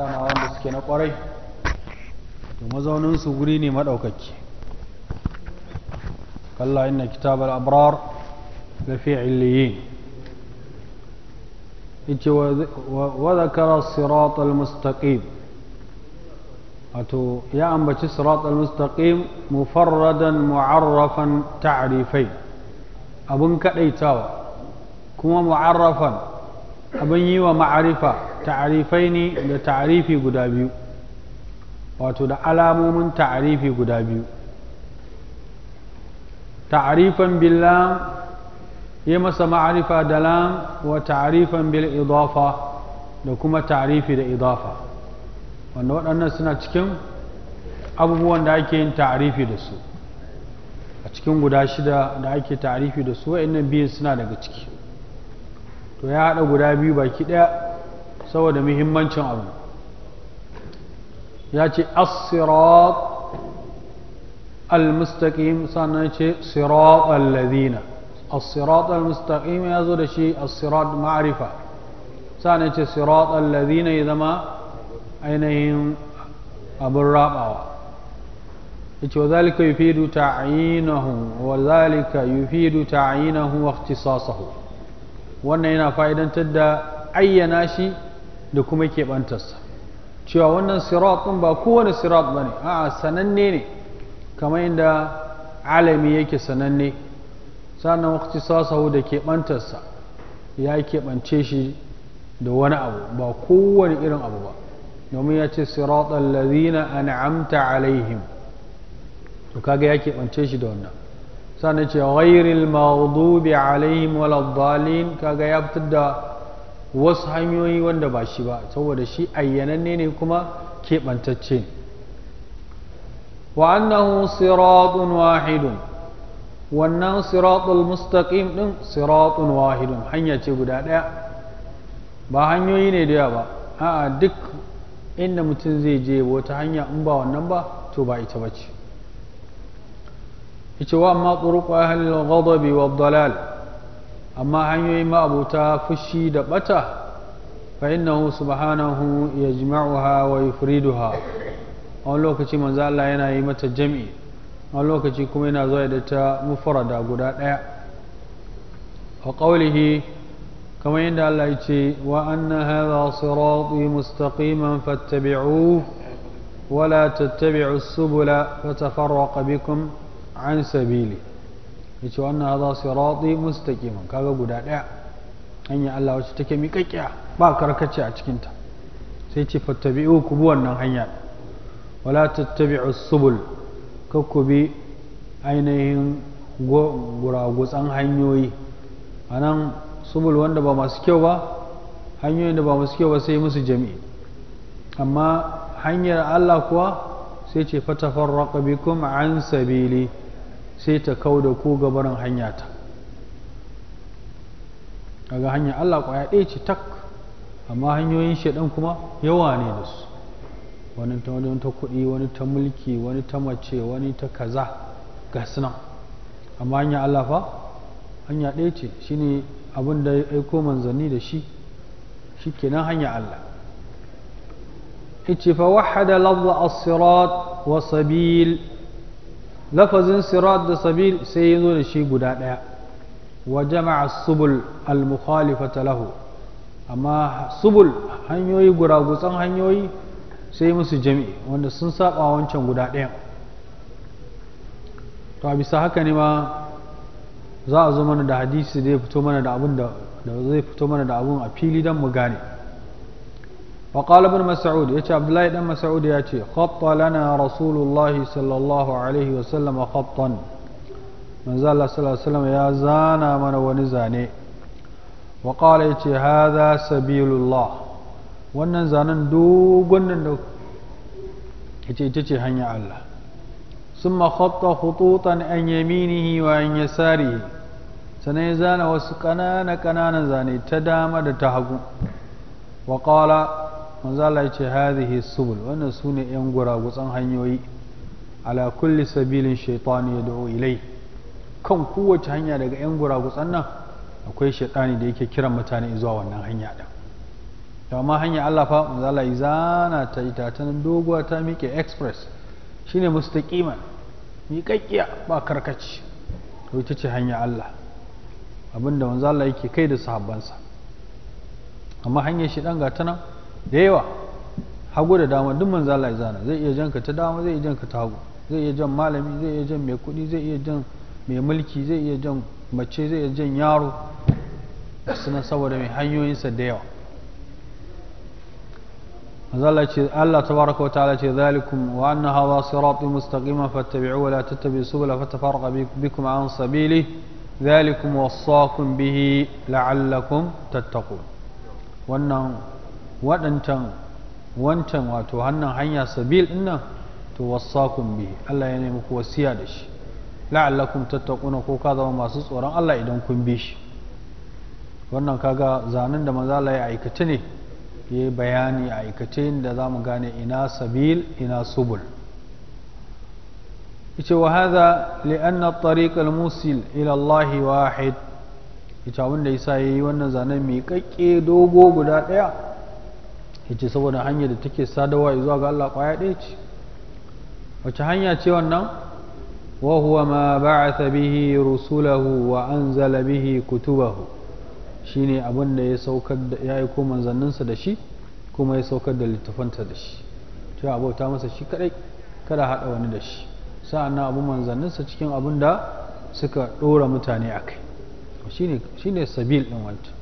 dama wanda suke na kwarai to mazaunin su guri ne madaukaki kalla inna kitab al abrar la fi illiyin yace wa zakara sirat al-mustaqim ato ya ambaci sirat al-mustaqim mufarradan mu'arrafan ta'rifai abun kadaitawa kuma mu'arrafan abun yi wa ma'arifa ta'arifai ne da ta'arifi guda biyu wato da alamomin ta'arifi guda biyu ta'arifan billam ya masa ma'arifa da lam wa ta'arifan bil idafa da kuma ta'arifi da idafa wanda waɗannan suna cikin abubuwan da ake yin ta'arifi da su a cikin guda shida da ake ta'arifi da su wa'annan biyun suna daga ciki to ya haɗa guda biyu baki ɗaya saboda muhimmancin abu ya ce as-sirat al-mustaqim sannan ce sirat al-ladina as-sirat al-mustaqim ya zo da shi as-sirat ma'rifa sannan ce sirat al-ladina ya zama ainihin abin rabawa yace wa zalika yufidu ta'yinahu wa zalika yufidu ta'yinahu wa ikhtisasahu wannan yana fa'idantar da ayyana shi da kuma keɓantarsa cewa wannan sirat ɗin ba kowane sirat ba ne a'a sananne ne kamar inda alami yake sananne sannan wakti sasahu da keɓantarsa ya keɓance shi da wani abu ba kowane irin abu ba domin ya ce sirat allazina an'amta alaihim to kaga ya keɓance shi da wannan sannan ce ghairil maghdubi alaihim waladdalin kaga ya fitar da wasu hanyoyi wanda ba shi ba saboda shi ayyananne ne kuma keɓantacce wa annahu siratun wahidun wannan siratul mustaqim ɗin siratun wahidun hanya ce guda ɗaya ba hanyoyi ne da ba a'a duk inda mutum zai je wata hanya in ba wannan ba to ba ita bace yace wa amma turuq ahli al-ghadabi wa dalal amma hanyoyin ma'abuta fushi da bata fa innahu subhanahu yajma'uha wa yufriduha a wani lokaci manzo Allah yana yi mata jam'i a wani lokaci kuma yana zuwa da ta mufrada guda daya wa qawlihi kamar yadda Allah ya ce wa anna hadha sirati mustaqiman fattabi'uhu ولا تتبعوا السبل فتفرق بكم عن سبيله ya ce wannan haza sirati mustaqiman kaga guda ɗaya hanya Allah wacce take miƙaƙƙiya ba karkace a cikinta sai ce fattabi'u ku bi wannan hanya wala tattabi'u subul kakku bi ainihin guragutsan hanyoyi a nan subul wanda ba masu kyau ba hanyoyin da ba masu kyau ba sai musu jami'i amma hanyar Allah kuwa sai ce fatafarraqa kuma an sabili sai ta kau da ko gabarin hanya ta daga hanya Allah kwaya ɗaya ce tak amma hanyoyin shaɗan kuma yawa ne da su wani ta wani ta kuɗi wani ta mulki wani ta mace wani ta kaza ga suna amma hanya Allah fa hanya ɗaya ce shine abin da ya aiko manzanni da shi shi kenan hanya Allah ce fa wahada lafza as-sirat wa sabil lafazin sirat da sabil sai ya zo da shi guda ɗaya wa jama'a subul al-mukhalifata lahu amma subul hanyoyi guragutsan hanyoyi sai musu jami'i wanda sun saba wancan guda ɗaya. to a bisa haka ne ma za a zo mana da hadisi zai fito mana da abin da zai fito mana da abin a fili don mu gane وقال ابن مسعود يتي عبد الله بن مسعود يتي خط لنا رسول الله صلى الله عليه وسلم خطا من زال الله صلى الله عليه وسلم يا زانا من ونزاني وقال يتي هذا سبيل الله وننزانا دوغن دوغ يتي يتي هنيا الله ثم خط خطوطا عن يمينه وعن يساره سنزان وسكنان كنان زاني تدام تهجو وقال manzo Allah ya ce hadhihi subul wannan ne yan guragutsan hanyoyi ala kulli sabilin ya da'o ilai kan kowace hanya daga yan guragutsan nan akwai shaitani da yake kiran mutane zuwa wannan hanya da da amma hanya Allah fa manzo yi zana ta ita ta doguwa ta miƙe express shine mustaqiman miƙaƙƙiya ba karkaci to ita ce hanya Allah abinda manzo yake kai da sahabbansa amma hanyar shi ɗan ga ta nan dewa hagu da dama duk manzo Allah ya zana zai iya janka ta dama zai iya janka ta hagu zai iya jan malami zai iya jan mai kudi zai iya jan mai mulki zai iya jan mace zai iya jan yaro sunan saboda mai hanyoyin sa da yawa Allah ce Allah tabaraka wa ta'ala ce zalikum wa anna hadha sirati mustaqima fattabi'u wa la tattabi'u subula fatafarqa bikum an sabili zalikum wassakum bihi la'allakum tattaqun wannan waɗancan wancan wato hannun hanya sabil dinnan to wasakun bihi Allah ya nemi ku wasiya da shi la'allakum tattaquna ko ka zama masu tsoron Allah idan kun bi shi wannan kaga zanen da maza Allah ya aikace ne ya bayani a aikace da za mu gane ina sabil ina subul yace wa hadha li anna at-tariq al-musil ila Allah wahid ita wanda yasa yi wannan zanen mai kakke dogo guda daya ce saboda hanyar da take sadawa zuwa ga Allah kwaya ɗaya ce wace hanya ce wannan wa huwa ma ba'atha bihi rusulahu wa anzala bihi kutubahu shine abin da ya saukar da ya aiko manzanninsa da shi kuma ya saukar da littafanta da shi to abauta masa shi kadai kada hada wani da shi sa'annan abin manzanninsa cikin abin da suka dora mutane akai shine shine sabil din wancan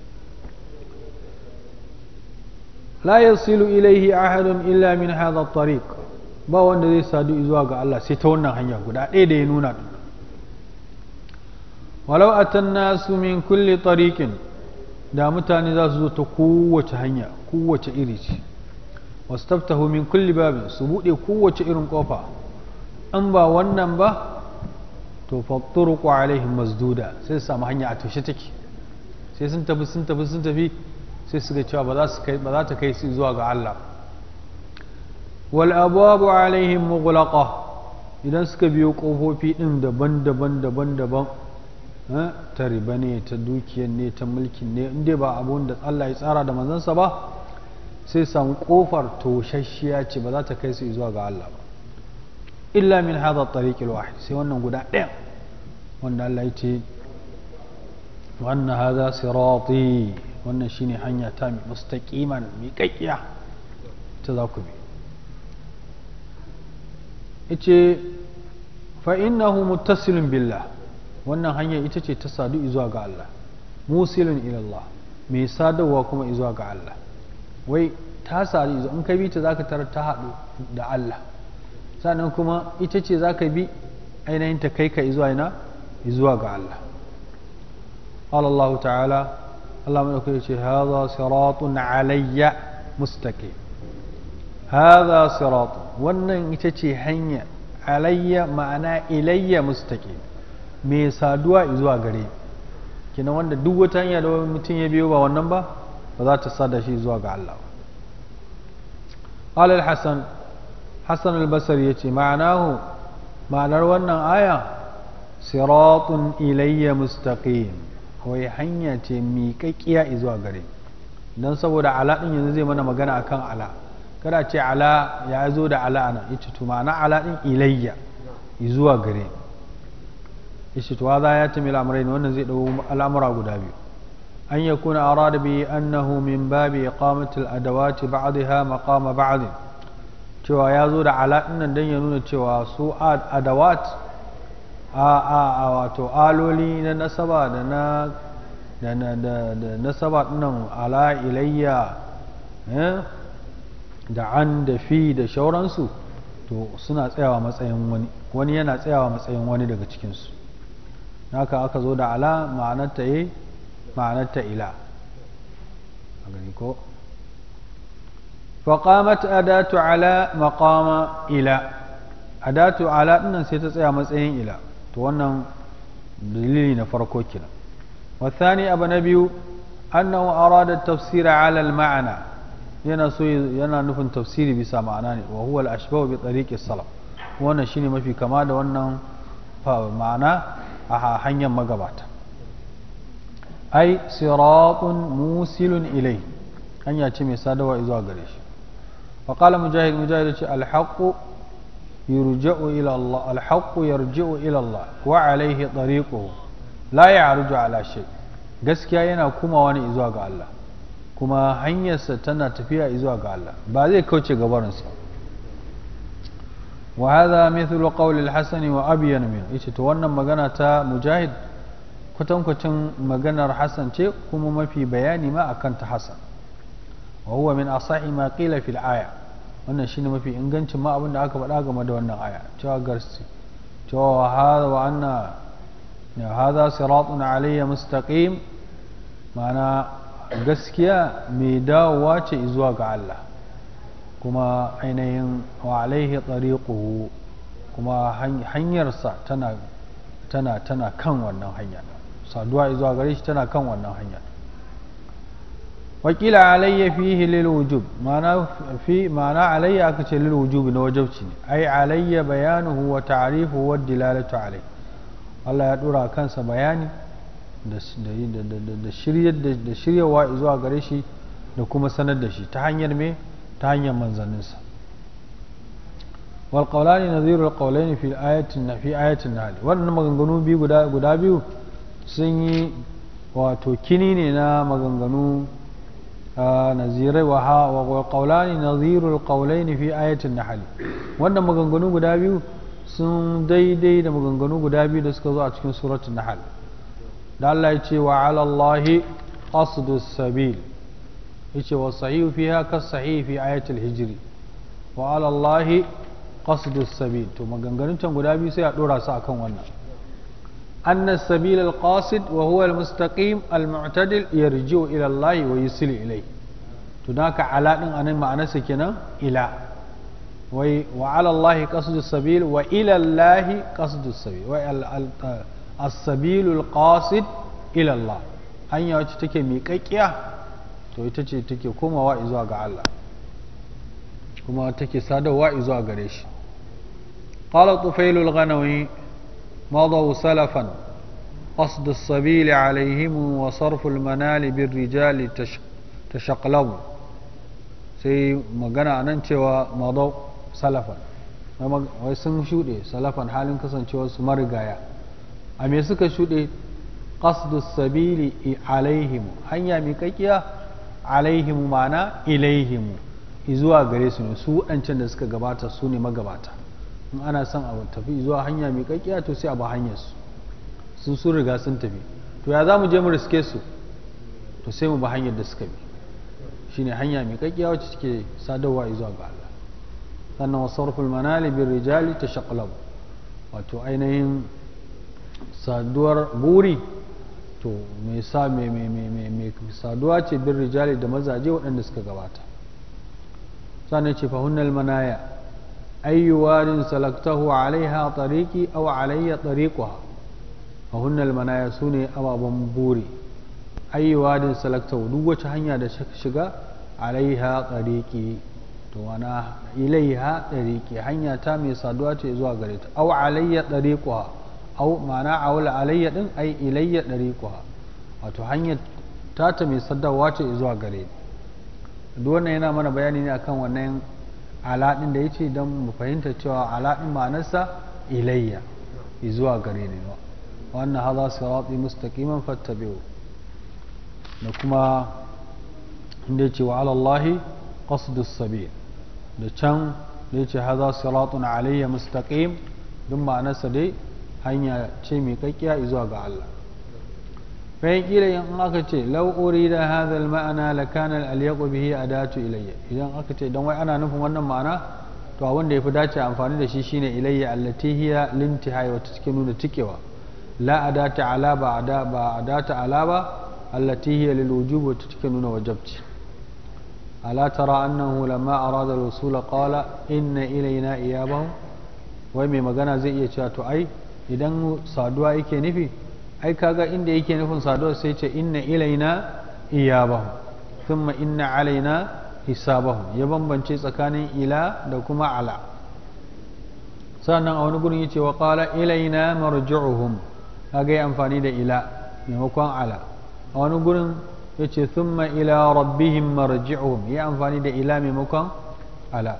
la yasilu ilaihi ahadun illa min hadha tariq ba wanda zai sadu zuwa ga Allah sai ta wannan hanya guda ɗaya da ya nuna din walau atan nasu min kulli tariqin da mutane za su zo ta kowace hanya kowace iri ce wastaftahu min kulli babin su bude kowace irin kofa an ba wannan ba to fatturuqu alaihim masduda sai su samu hanya a tushe take sai sun tafi sun tafi sun tafi sai suka cewa ba za ta kai su zuwa ga Allah wal abwabu alaihim mughlaqa idan suka biyo kofofi ɗin daban-daban daban-daban eh, ta riba ne ta dukiyar ne ta mulkin ne inda ba abun da Allah ya tsara da manzansa ba sai samu kofar toshashiya ce ba za ta kai su zuwa ga Allah ba illa min hadha at-tariq al-wahid sai wannan guda ɗaya wanda Allah ya ce wa sirati wannan shine hanya ta mai mustaqiman miƙaƙiya ta za ku bi ice fa innahu muttasilun billah wannan hanya ita ce ta sadu zuwa ga Allah musilun ilallah mai sadarwa kuma zuwa ga Allah wai ta sadu zuwa in ka bi ta zaka tarar ta haɗu da Allah sannan kuma ita ce zaka bi ainihin ta kai ka zuwa ina zuwa ga Allah Allah ta'ala. Allah maɗaukai ce haza siratun alayya mustaqim haza siratun wannan ita ce hanya alayya ma'ana ilayya mustaqim mai saduwa zuwa gare kina wanda duk wata hanya da mutum ya biyo ba wannan ba ba za ta sada shi zuwa ga Allah قال الحسن حسن البصري يتي معناه ma'anar wannan aya siratun ilayya mustaqim Wai hanya ce miƙaƙƙiya zuwa gare don saboda ala ɗin yanzu zai mana magana kan ala kada ce ala ya zo da ala ana ita ma'ana ala ɗin ilayya zuwa gare ita za ya tami al'amurai ne wannan zai ɗau al'amura guda biyu an ya kuna a rada bi annahu min babi iqamatil adawati ba'daha maqama ba'd cewa ya zo da ala ɗin nan dan ya nuna cewa su adawat a a a wato aloli na nasaba da na da na da da nasaba dinnan ala ilayya eh, da an da fi da shauransu to suna tsayawa matsayin wani wani yana tsayawa matsayin wani daga cikinsu Naka aka zo da ala ma'anarta yi ma'anarta ila a gani ko faƙamat adatu ala maƙama ila datu ala ɗinnan sai ta tsaya matsayin ila to wannan dalili na farko kenan wasani abu na biyu annahu arada tafsira ala maana yana so yana nufin tafsiri bisa ma'ana ne wa huwa al-ashbahu bi tariqi salaf wannan shine mafi kama da wannan ma'ana a hanyar magabata ai siratun musilun ilai hanya ce mai sadawa zuwa gare shi wa qala mujahid mujahid ce al-haqqu yurja'u ila Allah alhaq yarji'u ila Allah wa alaihi tariquhu la ya'ruju ala shay gaskiya yana kuma wani zuwa ga Allah kuma hanyarsa tana tafiya izuwa ga Allah ba zai kauce gabarinsa wa hadha mithlu qawli al-hasan wa abyan min ita to wannan magana ta mujahid kwatankwacin maganar hasan ce kuma mafi bayani ma akan ta hasan wa huwa min asahi ma qila fil aya wannan shine mafi ingancin ma abin da aka faɗa game da wannan aya cewa garsi cewa hada wa anna hada siratun alayya mustaqim ma'ana gaskiya mai dawowa ce zuwa ga Allah kuma ainihin wa alaihi tsariƙuhu kuma hanyarsa tana tana tana kan wannan hanya saduwa zuwa gare shi tana kan wannan hanya wakila alayya فيه للوجوب ما ma'ana alayya aka ce lil wujub na wajabci ne ai alayya bayanuhu wa ta'rifuhu ya dora kansa bayani da shiryar da shiryawa zuwa gare shi da kuma sanar da shi ta hanyar me ta hanyar manzanninsa wal qawlani nadhiru al fi ayatin fi hali waɗannan maganganu biyu guda biyu sun yi wato kini ne na maganganu nazirai wa ha wa qawlani nazirul qawlaini fi ayatin nahl wannan maganganu guda biyu sun daidai da maganganu guda biyu da suka zo a cikin suratul nahl da Allah ya ce wa ala allahi qasdus sabil yace wa sahihu fiha ka sahihi fi ayatil hijri wa ala allahi sabil to maganganun can guda biyu sai a dora su akan wannan أن السبيل القاصد وهو المستقيم المعتدل يرجع إلى الله ويسل إليه تناك على أن معنى سكنا إلى وعلى الله قصد السبيل وإلى الله قصد السبيل السبيل القاصد إلى الله أن يأتيك ميكيكيا to ita ce take komawa zuwa ga Allah kuma take sadarwa zuwa gare shi qala tufailul ghanawi مضوا سلفا قصد السبيل عليهم وصرف المنال بالرجال تشقلب sai magana a nan cewa madau salafan wai sun shuɗe salafan halin kasancewarsu marigaya a me suka shuɗe qasdus sabili alaihimu hanya mai kakiya alaihimu mana ilaihimu zuwa gare su ne su waɗancan da suka gabata su ne magabata in ana son a tafi zuwa hanya mai kakkiya to sai a ba hanyar su sun sun riga sun tafi to ya za mu je mu riske su to sai mu ba hanyar da suka bi shine hanya mai kakkiya wacce take sadarwa zuwa ga Allah sannan wasu sarful manali bin rijali ta shaqlab wato ainihin saduwar buri to mai sa mai saduwa ce bin rijali da mazaje waɗanda suka gabata sannan ce fahunnal manaya أي واد سلكته عليها طريقي أو علي طريقها فهن المنايا سوني أو بمبوري أي واد سلكته دوة هنيا دشكشغا عليها طريقي وانا إليها طريقي هنيا تامي صدواتي إزوا غريت أو علي طريقها أو معنى أول علي أي إلي طريقها wato hanyar tata mai saddawa ce zuwa gare ni duk wannan yana mana bayani ne akan wannan ala da ya ce don mu fahimta cewa ala din ma'anarsa ilayya zuwa gare ni wa anna hadha sirati mustaqiman fattabi'u da kuma inda ce wa ala allahi qasdu sabil da can da yace hadha siratun alayya mustaqim duk ma'anarsa dai hanya ce mai kakkiya zuwa ga Allah فيقيل إن أكتي لو أريد هذا المعنى a datu به idan aka ce don wai ana nufin wannan ma'ana to abin da ya fi dace amfani da shi shine ilayya allati hiya limtihai wata take nuna tikewa la adata ala ba ada ba adata ala ba allati hiya wata take nuna wajabci ala tara annahu lamma arada al wusul qala inna ilayna iyabahu wai mai magana zai iya cewa to ai idan saduwa yake nufi ai kaga inda yake nufin saduwa sai ce inna ilaina iyabahu thumma inna alaina hisabahu ya bambance tsakanin ila da kuma ala sannan a wani gurin yace wa qala ilaina marji'uhum kaga yi amfani da ila maimakon ala a wani gurin yace thumma ila rabbihim marji'uhum ya amfani da ila maimakon ala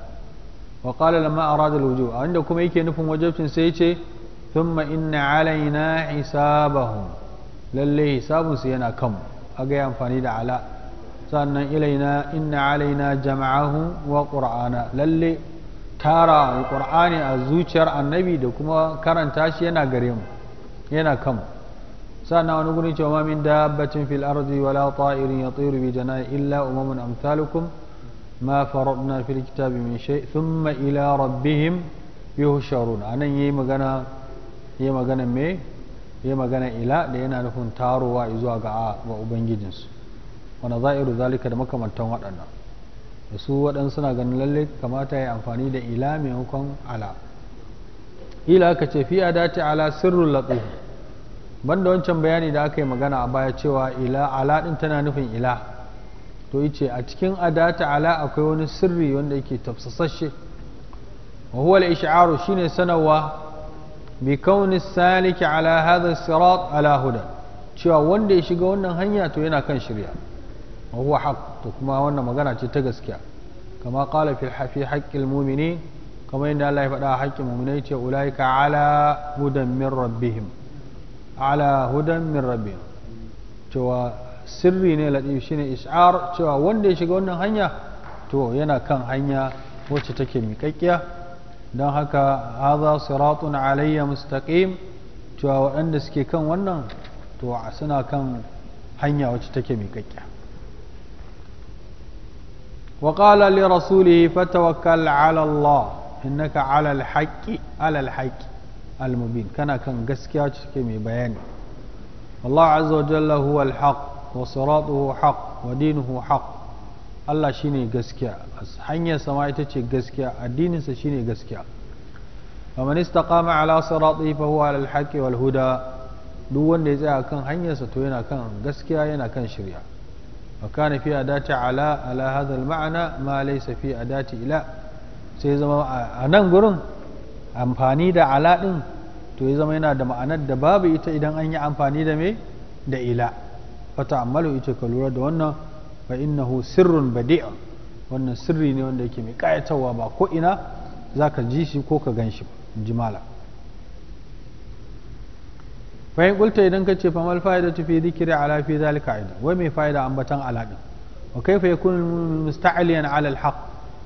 wa qala lamma arada al-wujuh inda kuma yake nufin wajibcin sai yace thumma inna alaina hisabahum lalle hisabunsu yana a aga yi amfani da ala sannan ilaina inna alaina jama'ahu wa qur'ana lalle tara qur'ani a zuciyar annabi da kuma karanta shi yana gare yana kanmu sannan wani gurin cewa ma min dabbatin fil ardi wala ta'irin yatiru bi jana'i illa umamun amsalukum ما فرضنا في الكتاب من شيء ثم إلى ربهم يهشرون أنا يي مغانا ya magana me ya magana ila da yana nufin tarowa zuwa ga a ga ubangijinsu wanda iru zalika da makamantan waɗannan da su waɗansu suna ganin lalle kamata ya amfani da ila maimakon ala ila ka ce fiya dace ala sirrul latif banda wancan bayani da aka yi magana a baya cewa ila ala ɗin tana nufin ila to ce a cikin adata ala akwai wani sirri wanda yake tafsasashe wa huwa al-ish'aru shine sanarwa bi kauni saliki ala ala cewa wanda ya shiga wannan hanya to yana kan shirya wa huwa haq to kuma wannan magana ce ta gaskiya kama qala fil hafi haqqil mu'minin kama inda Allah ya faɗa haƙƙin mu'minai ce ulaika ala hudan min rabbihim ala hudan min rabbihim cewa sirri ne latif shine ish'ar cewa wanda ya shiga wannan hanya to yana kan hanya wacce take miƙaƙƙiya don haka haza siratun alayya mustaqim cewa waɗanda suke kan wannan to suna kan hanya wacce take miƙaƙƙiya wa qala li rasulihi fatawakkal ala Allah innaka ala al-haqqi ala al-haqqi al-mubin kana kan gaskiya wacce take mai bayani wallahu azza wa jalla huwa al-haq wa siratuhu haq wa dinuhu Allah shine gaskiya hanyar sama ita ce gaskiya addininsa shine gaskiya faman istaqama ala sirati fa huwa ala alhaqi wal huda duk wanda ya tsaya kan hanyarsa to yana kan gaskiya yana kan shirya wa kana fi adati ala ala hadha al ma'ana ma laysa fi adati ila sai zama a nan gurin amfani da ala din to ya zama yana da ma'anar da babu ita idan an yi amfani da me da ila fata amalu ita ka lura da wannan fa innahu sirrun badi'a wannan sirri ne wanda yake mai kayatarwa ba ko ina zaka ji shi ko ka gan shi ji mala fa idan ka ce fa mal fa'idatu fi dhikri ala fi zalika aida wai mai fa'ida ambatan ala din kai kaifa yakunu musta'aliyan alal haq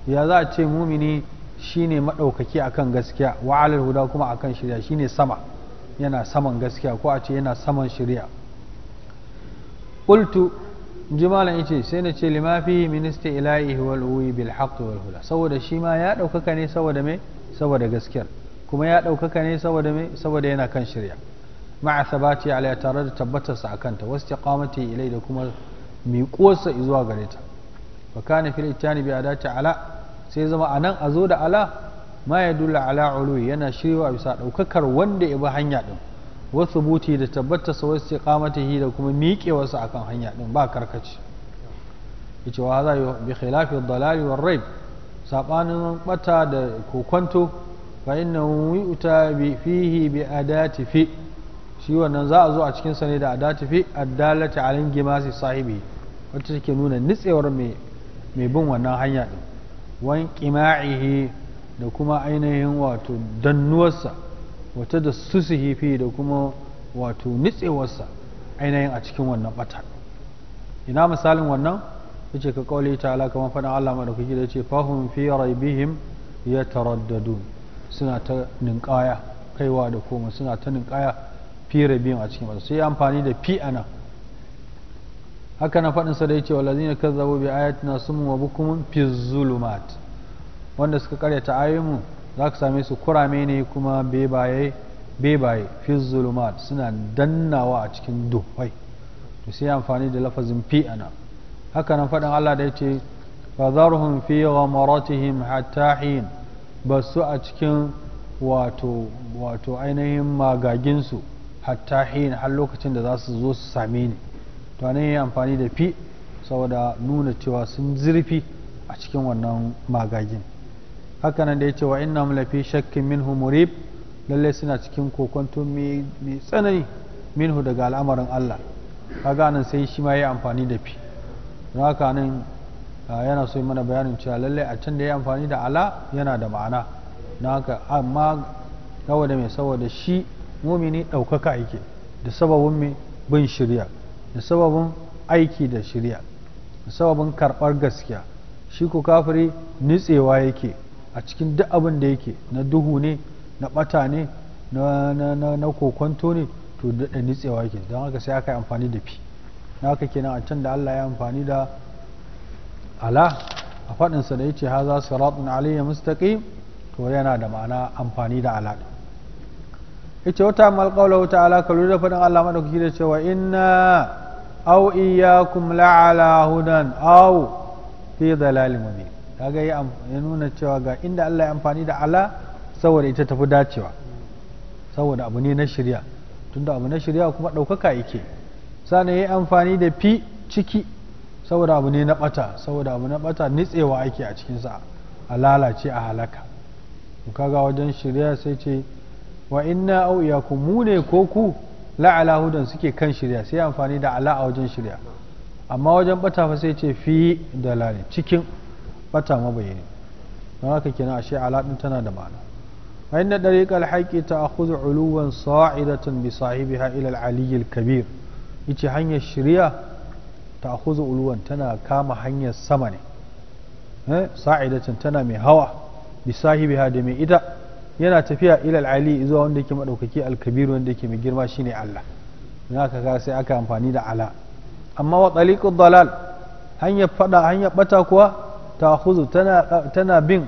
ya za a ce mumini shine madaukaki akan gaskiya wa ala huda kuma akan shirya shine sama yana saman gaskiya ko a ce yana saman shirya qultu ji malam ce sai na ce limafi fi minista ilahi wal uwi bil haqq wal huda saboda shi ma ya daukaka ne saboda me saboda gaskiyar kuma ya daukaka ne saboda me saboda yana kan shirya ma'a sabati ala tare da tabbatar sa akanta wastiqamati ilai da kuma miƙosa zuwa gare ta fa kana fil ittani bi adati ala sai zama anan a zo da ala ma ya ala ulu yana shirwa bisa daukakar wanda ya bi hanya din wasu buti da tabbata sa wasu iqamatihi da kuma miƙewarsa akan hanya din ba karkaci yace wa hadha bi khilafi ad-dalal wa saɓanin rayb sabanin bata da kokonto fa innahu yu'ta bi fihi bi adati fi shi wannan za a zo a cikin sa ne da adati fi addalati alin gimasi sahibi wacce take nuna nitsewar mai mai bin wannan hanya din wan qima'ihi da kuma ainihin wato dannuwarsa wata da su fi da kuma wato nitsewarsa ainihin a cikin wannan bata ina misalin wannan ce ka kauli ala kamar faɗin Allah madaukaki da yace fahum fi raibihim yataraddadun suna ta ninkaya kaiwa da koma suna ta ninkaya fi raibihim a cikin bata sai amfani da fi ana haka na faɗin sa da yace kan zabo bi ayatina wa bukumun fi zulumat wanda suka karyata ayoyin mu za ka same su kurame ne kuma bebaye bebaye fi zulumat suna dannawa a cikin duhwai to sai amfani da lafazin fi ana haka nan faɗin Allah da yace fadharhum fi ghamaratihim hatta hin basu a cikin wato wato ainihin magagin su hatta hin har lokacin da za su zo su same ni to anan yi amfani da fi saboda nuna cewa sun zurfi a cikin wannan magagin haka nan da ya ce wa ina mulafi shakkin minhu murib lalle suna cikin kokonto mai tsanani minhu daga al'amarin Allah kaga nan sai shi ma ya amfani da fi don haka nan yana so mana bayanin cewa lalle a can da ya amfani da ala yana da ma'ana na haka amma da mai saboda shi mumini ɗaukaka yake da sababin bin shirya da sababin aiki da shirya da sababin karɓar gaskiya shi ku kafiri nitsewa yake a cikin duk abin da yake na duhu ne na bata ne na kokonto ne to daɗa nitsewa yake don haka sai aka yi amfani da fi na haka kenan a can da Allah ya amfani da ala a faɗinsa da ya ce haza siratun aliyya mustaqim to yana da ma'ana amfani da ala yace wata mal qawluhu ta'ala kalu da faɗin Allah madaukaki da cewa inna au iyyakum la'ala hudan au fi dalalin mubin kaga ya nuna cewa ga inda Allah ya amfani da ala saboda ita tafi dacewa saboda abu ne na shirya tunda abu na shirya kuma ɗaukaka yake sana ya amfani da fi ciki saboda abu ne na ɓata saboda abu na ɓata nitsewa ake a cikinsa a lalace a halaka kaga wajen shirya sai ce wa inna au iyakum mu ne ko ku la'ala hudan suke kan shirya sai amfani da ala a wajen shirya amma wajen bata fa sai ce fi lalace cikin bata mabayani don haka kenan ashe alaɗin tana da ma'ana a inda ɗariƙar haƙƙi ta akhudhu uluwan sa'idatan bi sahibiha ila al-aliyyil kabir ice hanyar shirya ta akhudhu uluwan tana kama hanyar sama ne eh tana mai hawa bi sahibiha da mai ita yana tafiya ila ali zuwa wanda yake maɗaukaki AlKabir wanda yake mai girma shine Allah don haka sai aka amfani da ala amma wa ɗaliƙar dalal hanyar fada hanyar bata kuwa ta huzu tana bin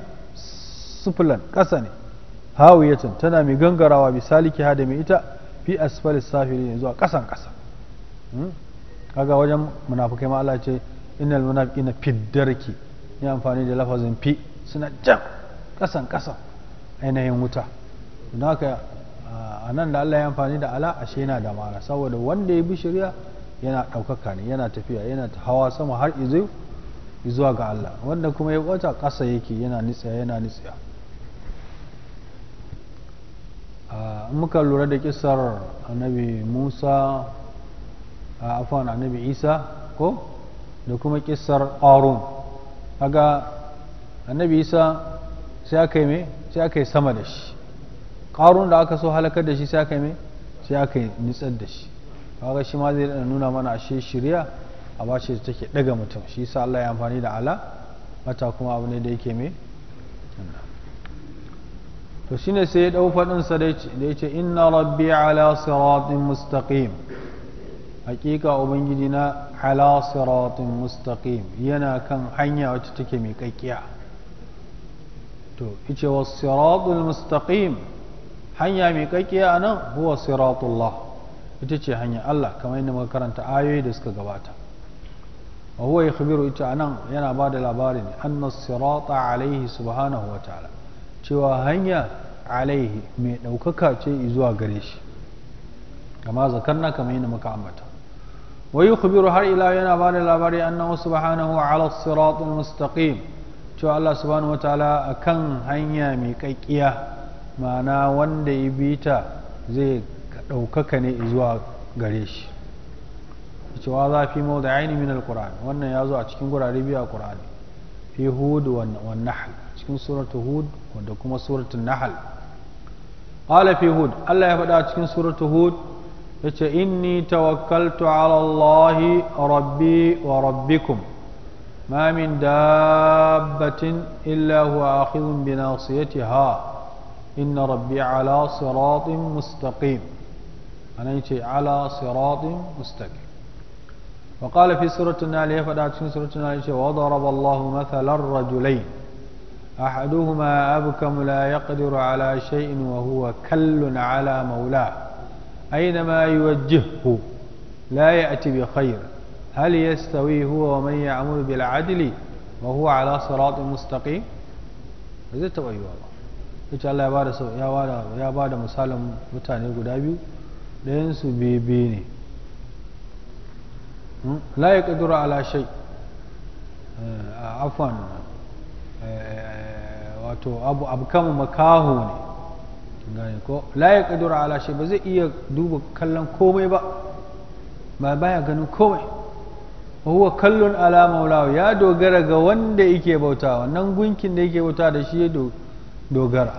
sufulan ƙasa ne hawiyatun tana mai gangarawa misali ki da mai ita fi asfali safiri ne zuwa ƙasan ƙasa hmm? kaga wajen munafukai ma Allah ce innal munafiqina fiddarki ya amfani da lafazin fi suna jan ƙasan ƙasa ainihin wuta don haka a nan da Allah ya amfani da ala ashe yana da mara saboda wanda ya bi shari'a yana ɗaukaka ne yana tafiya yana hawa sama har izu zuwa ga Allah wanda kuma ya bata ƙasa yake yana nitsiya yana nitsiya muka lura da kisar annabi musa a afan annabi isa ko da kuma kisar arun kaga annabi isa sai aka yi sai aka yi sama da shi ƙarun da aka so halakar da shi sai aka yi sai aka yi nitsar da shi kaga shi ma zai nuna mana ashe shirya aba ce take daga mutum shi yasa Allah ya amfani da ala mata kuma abu ne da yake me to shine sai ya dau fadin sa da yace inna rabbi ala siratin mustaqim hakika ubangiji na ala siratin mustaqim yana kan hanya wacce take mai kakkiya to ice was siratul mustaqim hanya mai kakkiya anan huwa siratullah ita ce hanya Allah kamar yadda muka karanta ayoyi da suka gabata وهو يخبر إتعنا ينا بعد الأبار أن الصراط عليه سبحانه وتعالى شوى هنيا عليه من وككا شيء إزوا قريش كما ذكرنا كما هنا مكامتا ويخبر هر إلى ينا بعد الأبار أنه سبحانه على الصراط المستقيم شوى الله سبحانه وتعالى أكن هنيا ميكيكيا ما نا وندي بيتا زي وككا إزوا قريش cewa za fi mawda aini min alquran wannan ya zo a cikin gurare biyu a qur'ani fi hud wa nahl cikin suratu hud da kuma suratu nahl qala fi hud Allah ya faɗa cikin suratu hud yace inni tawakkaltu ala Allah rabbi wa rabbikum ma min dabbatin illa huwa akhidhun bi nasiyatiha إن ربي على صراط مستقيم أنا على صراط مستقيم وقال في سورة النال فدعت في سورة النال وضرب الله مثلا الرجلين أحدهما أبكم لا يقدر على شيء وهو كل على مولاه أينما يوجهه لا يأتي بخير هل يستوي هو ومن يعمل بالعدل وهو على صراط مستقيم zai taɓa yi الله ita Allah ya ba da misalin mutane guda biyu ɗayansu bebe ne la ya ƙadura ala shai afon wato abu abu kama makaho ne gane ko la ya ala shai ba zai iya duba kallon komai ba ba baya ganin komai huwa kallon ala maulawa ya dogara ga wanda yake bauta wannan gunkin da yake bauta da shi ya dogara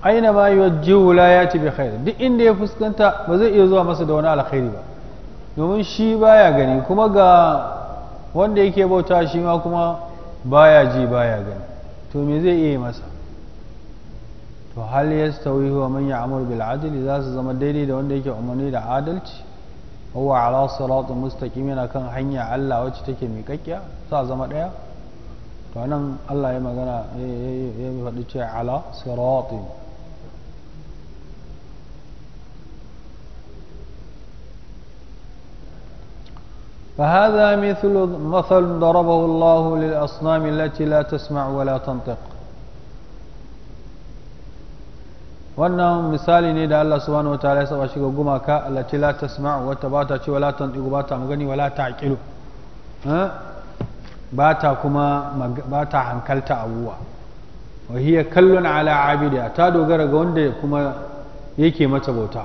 aina ma jihu la ci bi khair duk inda ya fuskanta ba zai iya zuwa masa da wani alkhairi ba domin shi baya gani kuma ga wanda yake bauta shi ma kuma baya ji baya gani to me zai iya masa to hal yastawi huwa man ya'muru bil adli za su zama daidai da wanda yake umarni da adalci huwa ala siratin mustaqim yana kan hanya Allah wacce take miƙaƙƙiya za zama ɗaya to nan Allah ya magana ya faɗi cewa ala siratin فهذا مثل مثل ضربه الله للأصنام التي لا تسمع ولا تنطق وأنه مثال نيد الله سبحانه وتعالى سبحانه وتعالى التي لا تسمع وتباتا ولا تنطق باتا مغني ولا تعقل باتا كما باتا حنكلتا أبوا وهي كل على عبيدها تادو غرق وندي كما يكي متبوتا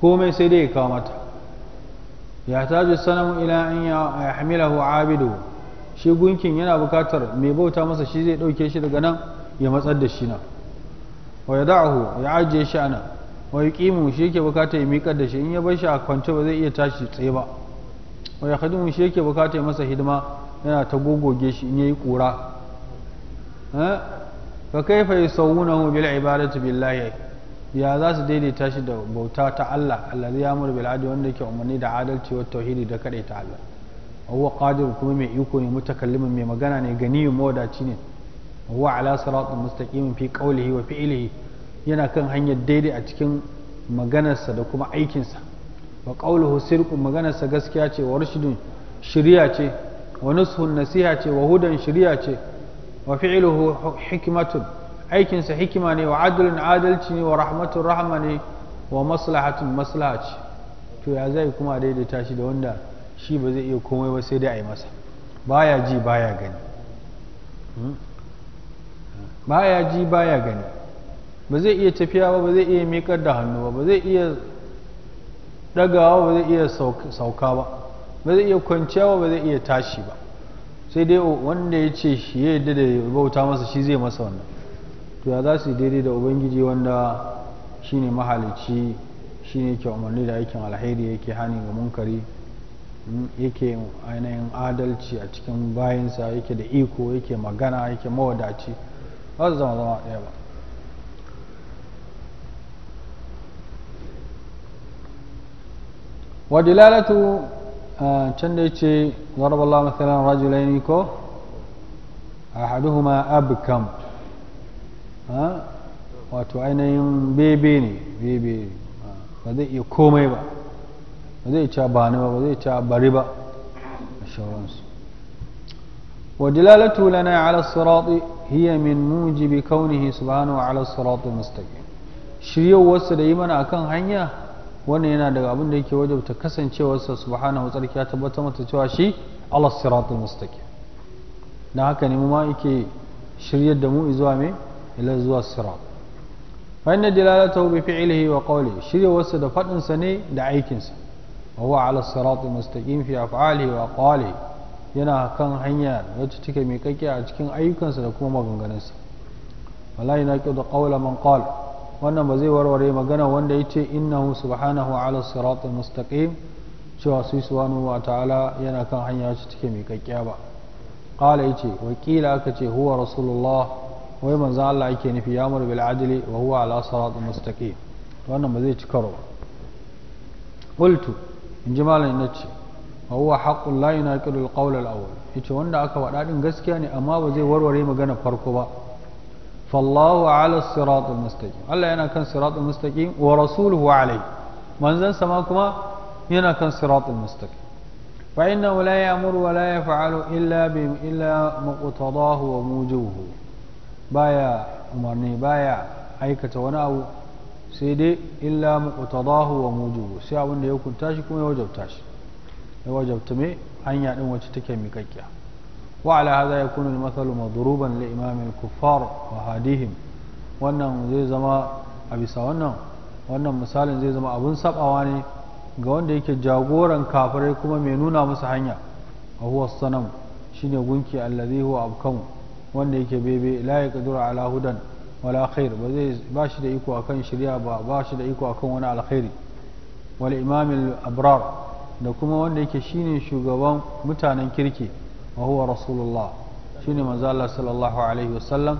كومي سيدي كامتا ya taji sanamu ila an ya abidu shi gunkin yana bukatar mai bauta masa shi zai dauke shi daga nan ya matsar da shi na wa ya da'ahu ya ajiye shi ana wa ya kimu shi yake bukatar ya miƙar da shi in ya bar shi a kwance ba zai iya tashi tsaye ba wa ya khadimu shi yake bukatar ya masa hidima yana ta gogoge shi in yayi kura eh? fa kaifa yasawunahu bil ibadati billahi ya za su daidaita shi da bauta ta Allah allazi ya'muru bil adli wanda yake umarni da adalci wa tauhidi da kadai ta Allah huwa qadir kuma mai iko ne mutakallimin mai magana ne mu mawadaci ne huwa ala siratin mustaqimin fi qawlihi wa fi'lihi yana kan hanyar daidai a cikin maganarsa da kuma aikinsa wa qawluhu sirqun maganarsa gaskiya ce wa rashidun shiriya ce wa nushun nasiha ce wa hudan ce wa fi'luhu hikmatun aikinsa hikima ne wa adalin adalci ne wa rahmatun rahama ne wa maslahatun maslaha ce to ya zai kuma daidaita shi da wanda shi ba zai iya komai ba sai dai a yi masa baya ji baya gani hmm? baya ji baya gani ba zai iya tafiya ba ba zai iya miƙar da hannu ba ba zai iya ɗagawa ba zai iya sauka ba ba zai iya kwanciya ba ba zai iya tashi ba sai dai wanda ya ce shi ya yadda da bauta masa shi zai masa wannan to ya za su daidai da ubangiji wanda shine mahalicci shine ke umarni da aikin alheri yake hani ga munkari hmm, yake ainihin adalci a cikin bayansa yake da iko yake magana yake mawadaci ba su zama zama ɗaya ba wadilalatu eh, can da ya ce zaraballah matsalan rajulaini ko a haduhu ma wato ainihin bebe ne bebe ba zai iya komai ba ba zai ca ba ba ba zai ca bari ba a shawararsu ودلالته لنا على الصراط هي من موجب كونه سبحانه على الصراط المستقيم shiryar wasu da yi mana akan hanya wannan yana daga abin da yake wajabta kasancewarsa subhanahu tsarki ya tabbatar mata cewa shi ala siratul mustaqim na haka ne mu ma yake shiryar da mu zuwa me ila zuwa sirat fa inna dilalatahu bi fi'lihi wa qawlihi wasu da fadin ne da aikin sa wa huwa ala sirat mustaqim fi yana kan hanya wacce take mai kakke a cikin ayyukansa da kuma maganganunsa wallahi na kyau da qawla wannan ba zai warware magana wanda ya ce innahu subhanahu ala sirat mustaqim cewa su subhanahu wa ta'ala yana kan hanya wacce take mai kakkiya ba qala yace wakila aka ce huwa rasulullah هو من زال الله يكني في يامر بالعدل وهو على صراط مستقيم وأنا مزيد كرو قلت إن جمال النجي وهو حق لا ينكر القول الأول إيش وندا أكوا لكن قسك يعني أما وزي وروري ما جنا فالله على الصراط المستقيم الله أنا كان صراط المستقيم ورسوله عليه من زال سماكما هنا كان صراط المستقيم فإنه لا يأمر ولا يفعل إلا بم إلا مقتضاه وموجوه baya umarni baya aikata wani abu sai dai illa muqtadahu wa mujibu sai abin da ya hukunta shi kuma ya wajabta shi ya wajabta me hanya din wacce take miƙaƙƙiya wa ala hadha yakunu al-mathalu madruban li imam al-kuffar wa hadihim wannan zai zama a bisa wannan wannan misalin zai zama abun sabawa ne ga wanda yake jagoran kafirai kuma mai nuna musu hanya a huwa sanam shine gunki allazi huwa abkamu wanda yake bebe la ya kadura ala hudan wala khair ba zai ba shi da iko akan shirya ba ba shi da iko akan wani alkhairi wal imamil abrar da kuma wanda yake shine shugaban mutanen kirki wa huwa rasulullah shine manzo Allah sallallahu alaihi wasallam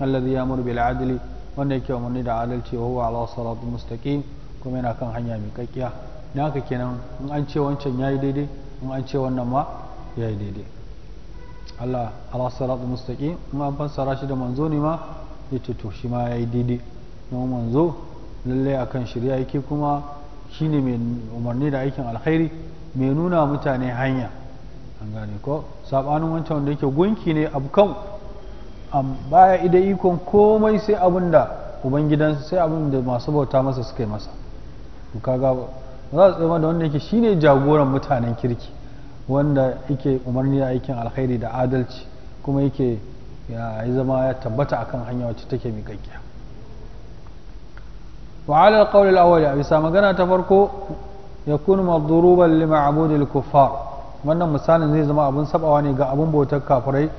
alladhi ya'muru bil adli wanda yake umarni da adalci wa huwa ala mustaqim kuma yana kan hanya mai kakkiya dan haka kenan in an ce wancan yayi daidai in an ce wannan ma yayi daidai Allah ala salatu mustaqim kuma an fassara shi da manzo ne ma yace to shi ma yayi daidai don manzo lalle akan shirya yake kuma shine mai umarni da aikin alkhairi mai nuna mutane hanya an gane ko sabanin wancan wanda yake gunki ne abkan baya ida ikon komai sai abin da ubangidansa sai abin da masu bauta masa suka yi masa to kaga za su tsaye da wanda yake shine jagoran mutanen kirki wanda yake umarni a aikin alkhairi da adalci kuma yake ya zama ya tabbata akan hanya wacce take miƙaƙƙiya wa ala alqawl alawwal a bisa magana ta farko yakunu madruban li ma'bud al-kuffar wannan misalin zai zama abun sabawa ne ga abun bautar kafirai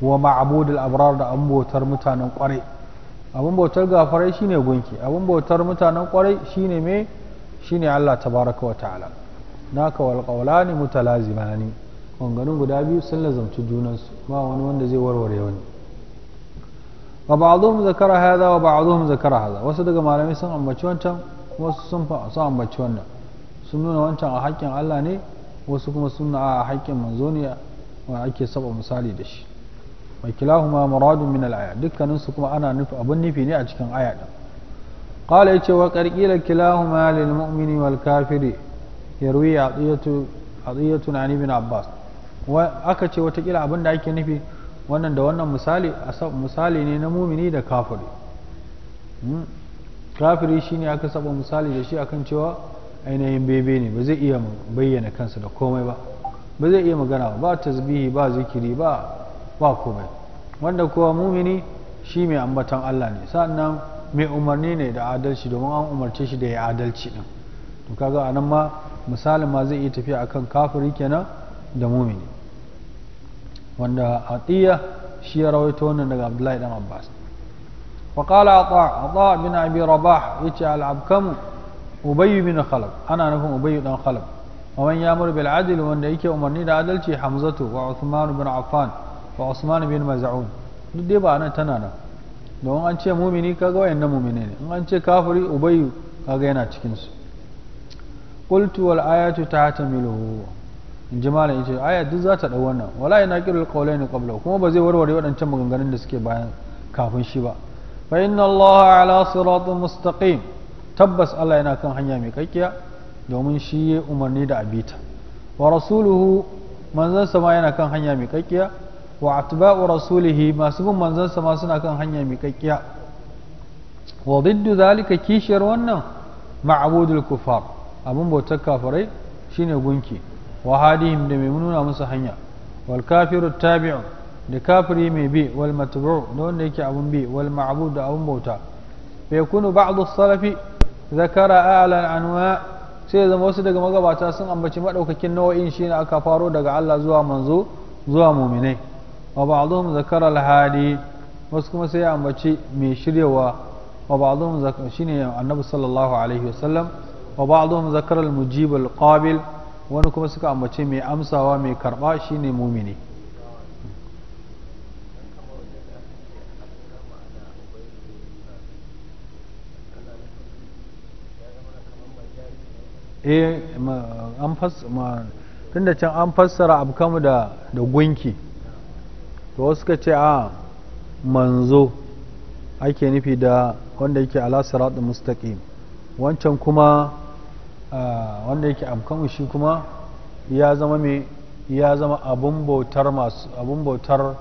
wa ma'bud al-abrar da abun bautar mutanen kwarai abun bautar kafirai shine gunki abun bautar mutanen kwarai shine me shine Allah tabaraka wa ta'ala naka wal qawlani mutalazimani maganganun guda biyu sun lazamci junansu ba wani wanda zai warware wani wa ba'dhum zakara hadha wa ba'dhum zakara hadha wasu daga malamai sun ambaci wancan wasu sun sun ambaci wannan sun nuna wancan a haƙƙin Allah ne wasu kuma sun nuna a haƙƙin manzo ne wa ake saba misali da shi wa kilahuma muradun min al-aya dukkanin su kuma ana nufi abun nufi ne a cikin aya din qala yace wa qarqila kilahuma lil mu'mini wal kafiri yarwi adiyatun an ibn abbas aka ce watakila abin da ake nufi wannan da wannan misali misali ne na mumini da kafiri hmm? kafiri ne aka saba misali da shi akan cewa ainihin bebe ne ba zai iya bayyana kansa da komai ba ba zai iya magana ba tasbihi ba zikiri ba ba komai wanda kuwa mumini shi mai ambatan Allah ne sannan mai umarni ne da adalci domin an umarce shi da ya adalci din to kaga anan ma misalin ma zai iya tafiya akan kafiri kenan da mumini wanda atiya shi ya rawaito wannan daga abdullahi dan abbas وقال عطاء عطاء بن ابي رباح يتي العبكم ابي بن خلف انا نفهم ابي بن خلف ومن يامر بالعدل وان يكي umarni da adalci hamzatu wa usman bin affan wa usman bin maz'un duk dai ba nan tana nan don an ce mumini kaga wayannan mumine ne in an ce kafiri ubayyu kaga yana cikin su qultu wal ayatu tahtamiluhu in ji malam yace aya duk za ta dau wannan wala yana qirul qawlain qabla kuma ba zai warware waɗancan maganganun da suke bayan kafin shi ba fa inna allaha ala siratin mustaqim tabbas Allah yana kan hanya mai kakkiya domin shi ya umarni da abita wa rasuluhu manzon ma yana kan hanya mai kakkiya wa atba'u rasulihi masu bin manzon ma suna kan hanya mai kakkiya wa diddu zalika kishiyar wannan ma'budul kufar abin bautar kafirai shine gunki wa hadihim da mai nuna musu hanya wal kafiru tabi'u da kafiri mai bi wal matbu da wanda yake abun bi wal ma'bud da abun bauta bai kunu ba'd salafi zakara a'la anwa sai zama wasu daga magabata sun ambaci madaukakin nau'in shine aka faro daga Allah zuwa manzo zuwa mu'minai wa ba'dhum zakara al hadi wasu kuma sai ya ambaci mai shiryawa wa ba'dhum shine annabi sallallahu alaihi wasallam wa ba'dhum zakara al-mujib al-qabil wani kuma suka ambace mai amsawa mai karba shine mumini tun da tunda can an fassara abkamu da da gunki to wasu suka ce a manzo ake nufi da wanda yake ala siratul mustaqim wancan kuma Ah, wanda yake amkan shi kuma ya zama mai ya zama abun bautar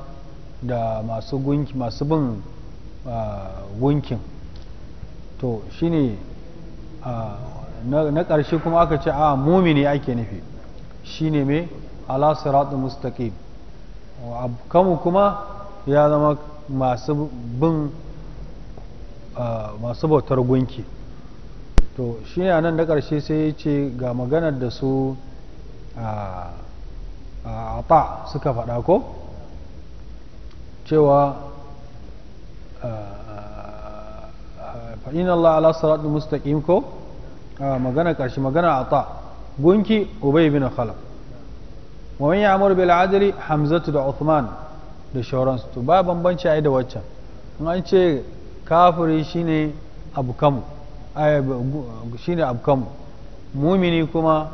da masu gunki masu bin ah, gunkin to shine ah, na ƙarshe kuma aka ce a mumini ake nufi shine mai ala siratu mustaqim abkamu kuma ya zama masu bin masu bautar gunki to shi ne nan da ƙarshe sai ya ce ga maganar da su a ta suka faɗa ko cewa fa'in Allah ala salatu mustaqim ko magana ƙarshe magana a ta gunki ubay bin khalaf wa man ya'mur bil adli hamzatu da uthman da shauransu to ba bambanci ai da waccan an ce kafiri shine abu kamu shi ne abkamu mumini kuma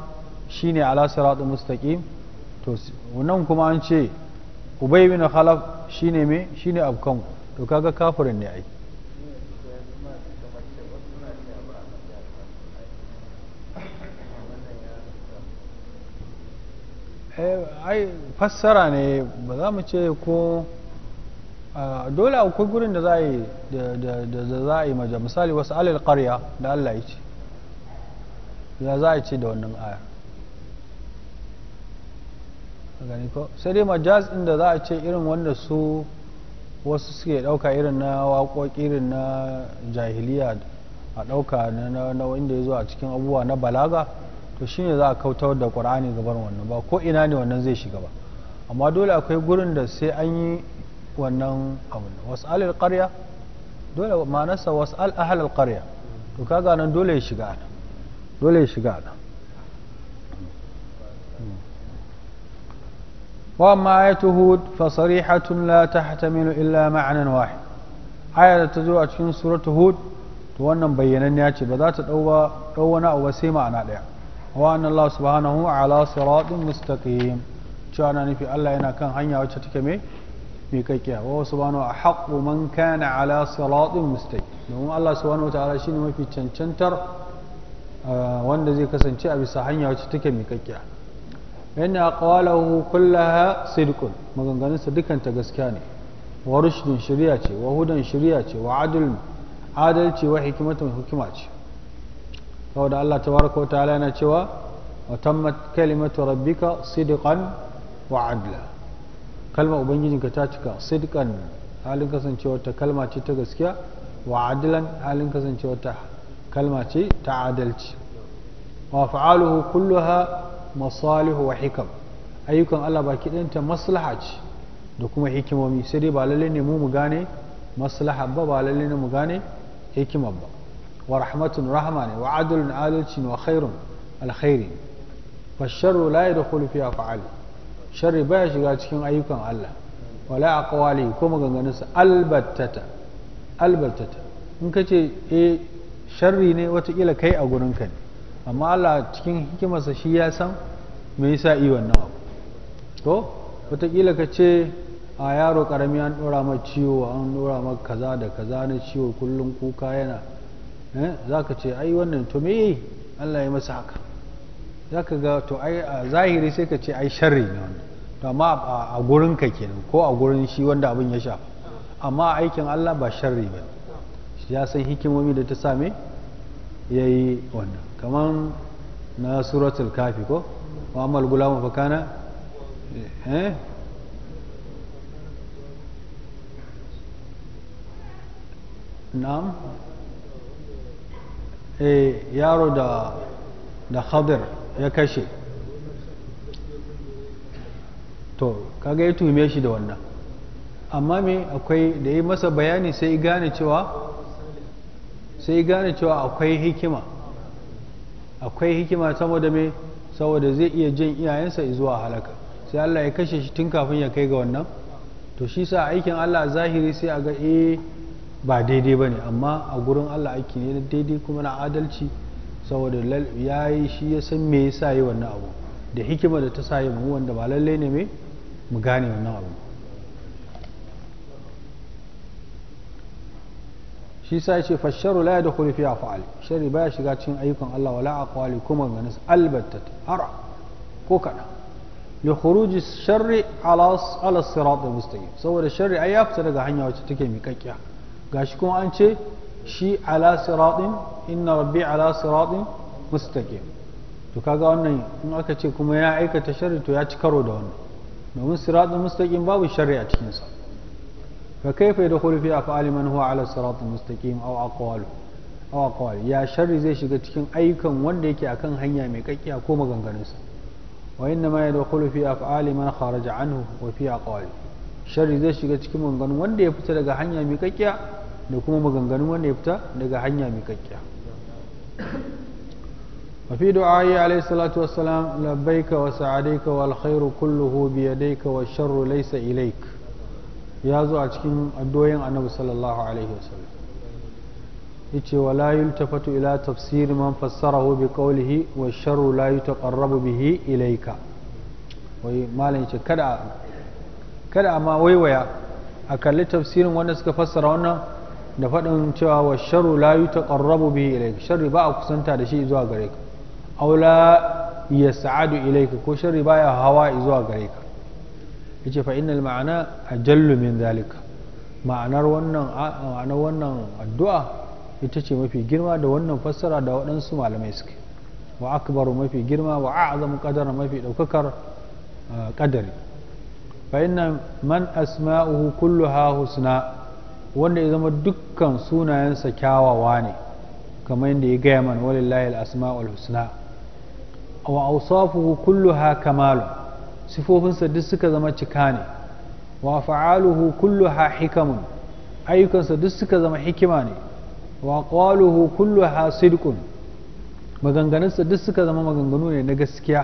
shi ala siratul mustaqim to nan kuma an ce ubai bin khalaf shine me ne abkamu to kaga kafirin ne ai eh, ai fassara ne ba za mu ce ko dole akwai gurin da za a yi da za a yi maja misali wasu alal ƙarya da Allah ya ce ya za a ce da wannan ayar gani ko sai dai majaz inda za a ce irin wanda su wasu suke ɗauka irin na waƙoƙi irin na jahiliya a ɗauka na wanda ya zo a cikin abubuwa na balaga to shi ne za a kautar da ƙwar'ani gabar wannan ba ko ina ne wannan zai shiga ba amma dole akwai gurin da sai an yi wannan abin was'al alqarya dole ma'anarsa al ahal alqarya to ka nan dole ya shiga ana dole ya shiga ana. nan وأما آية هود فصريحة لا تحتمل aya da ta آية a cikin سورة هود to wannan bayyananniya ce ba za ta ɗau wani abu sai ma'ana daya. wa anna Allah subhanahu ala siratin mustaqim cewa na nufi Allah yana kan hanya wacce take mai miƙaƙiya wa wasu bano a haƙo man kana ala siratin mustaqim domin Allah subhanahu wa shi ne mafi cancantar uh, wanda zai kasance a bisa hanya wacce take miƙaƙiya inna aqwalahu ha sidqun maganganunsa dukanta gaskiya ne wa rushdin shari'a ce wa hudan shari'a ce wa adl adalci wa hikmatun hukima ce saboda Allah ta wa ta'ala yana cewa wa tammat kalimatu rabbika sidqan wa adla kalma ubangijinka ta cika sidkan halin kasancewar ta kalma ce ta gaskiya wa adilan halin kasancewar ta kalma ce ta adalci wa fa'aluhu kulluha masalihu wa hikam ayyukan Allah baki ɗanta maslaha ce da kuma hikimomi sai dai ba lalle ne mu mu gane maslaha ba ba lalle ne mu gane hikima ba wa rahmatun rahma ne wa adalun adalci wa khairun alkhairi fasharu la yadkhulu fiha fa'ali sharri baya shiga cikin ayyukan Allah wala aqwali ko maganganunsa albattata albattata in ka ce e sharri ne watakila kai a gurin ka ne amma Allah cikin hikimarsa shi ya san me yasa yi wannan abu to watakila ka ce a yaro karami an dora ma ciwo an dora ma kaza da kaza na ciwo kullum kuka yana eh, za ka ce ai wannan to me Allah ya masa haka za ka ga to ai a zahiri sai ka ce ai sharri ne wannan to amma a gurin ka kenan ko a gurin shi wanda abin ya shafa amma aikin Allah ba sharri ba ya san hikimomi da ta same ya yi wannan kamar na suratul kafi ko mu'amal gulamu fakana eh, eh na'am eh yaro da da khadir ya kashe to kaga ya tume shi da wannan amma me akwai da yi masa bayani sai gane cewa sai gane cewa akwai hikima akwai hikima saboda me saboda zai iya jin iyayensa zuwa halaka sai Allah ya kashe shi tun kafin ya kai ga wannan to shi sa aikin Allah zahiri sai a ga eh ba daidai ba ne amma a gurin Allah aiki ne daidai kuma na adalci saboda ya yi shi ya san me ya sa yi wannan abu da hikima da ta sa yi mu wanda ba lallai ne me mu gane wannan abu shi sa ya ce fasharu la da fi af'al shari baya shiga cikin ayyukan Allah wala aqwali kuma ganin albatta ara ko kada li khuruji sharri ala ala sirat mustaqim saboda sharri a ya fita daga hanya wacce take miƙaƙiya gashi kuma an ce shi ala siratin inna rabbi ala siratin mustaqim to kaga wannan in aka ce kuma ya aikata sharri to ya ci karo da wannan domin siratin mustaqim babu sharri a cikin sa fa kaifa yadkhulu fi af'ali man huwa ala siratin mustaqim aw aqwalu aw aqwal ya sharri zai shiga cikin ayyukan wanda yake akan hanya mai kakkiya ko maganganunsa wa inna ma yadkhulu fi af'ali man kharaja anhu wa fi aqwali sharri zai shiga cikin maganganun wanda ya fita daga hanya mai kakkiya da kuma maganganun wanda ya daga hanya mai kakkiya a fi du'ayi alaihi salatu wassalam labbaika wa sa'adaika wal khairu kulluhu bi yadayka wa sharru laysa ilayk ya zo a cikin addoyin annabi sallallahu alaihi wasallam yace wa la yultafatu ila tafsir man fassarahu bi qawlihi wa sharru la yataqarrabu bihi ilayka wai malam yace kada kada waiwaya a kalli tafsirin wanda suka fasara wannan da faɗin cewa wa sharu la taƙarrabu bi ilayka sharri ba a kusanta da shi zuwa gare ka Aula la sa'adu ilayka ko sharri ba ya hawa zuwa gare ka yace fa innal ma'ana ajallu min zalika ma'anar wannan addu'a ita ce mafi girma da wannan fassara da waɗansu malamai suke wa mafi girma wa a'zamu ƙadar mafi daukakar ah, qadari fa inna man asma'uhu kulluha husna wanda ya zama dukkan sunayensa kyawawa ne kamar yadda ya gaya mana walillahi al husna wa awsafuhu kulluha kamalu sifofinsa duk suka zama cika ne wa fa'aluhu kulluha hikamun ayyukansa duk suka zama hikima ne wa qaluhu kulluha sidqun maganganunsa duk suka zama maganganu ne na gaskiya